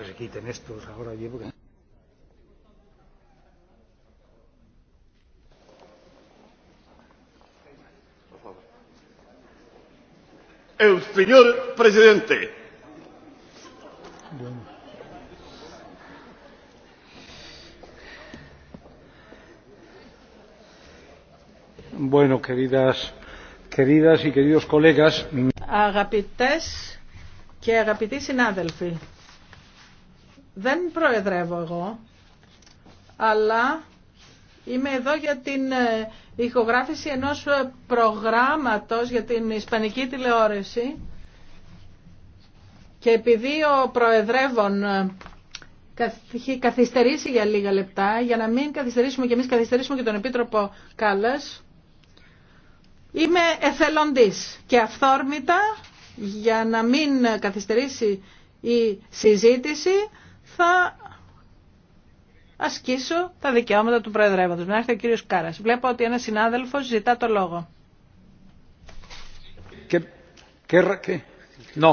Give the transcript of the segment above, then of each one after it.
que se quiten estos ahora allí porque... El señor presidente. Bueno. Bueno, queridas, queridas y queridos colegas. que agapites en Adelphi δεν προεδρεύω εγώ, αλλά είμαι εδώ για την ε, ηχογράφηση ενός ε, προγράμματος για την Ισπανική τηλεόραση και επειδή ο προεδρεύων ε, έχει καθυστερήσει για λίγα λεπτά, για να μην καθυστερήσουμε και εμείς καθυστερήσουμε και τον Επίτροπο Κάλλας, είμαι εθελοντής και αυθόρμητα για να μην καθυστερήσει η συζήτηση θα ασκήσω τα δικαιώματα του Προεδρεύοντος. Να έρθει ο κύριος Κάρας. Βλέπω ότι ένας συνάδελφος ζητά το λόγο. Και, και, no.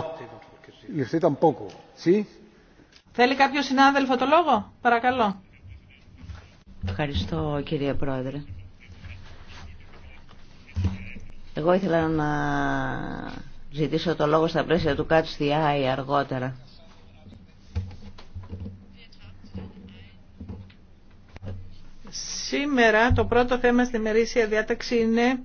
Θέλει κάποιο συνάδελφο το λόγο, παρακαλώ. Ευχαριστώ κύριε Πρόεδρε. Εγώ ήθελα να ζητήσω το λόγο στα πλαίσια του Catch αργότερα. Σήμερα το πρώτο θέμα στη μερίσια διάταξη είναι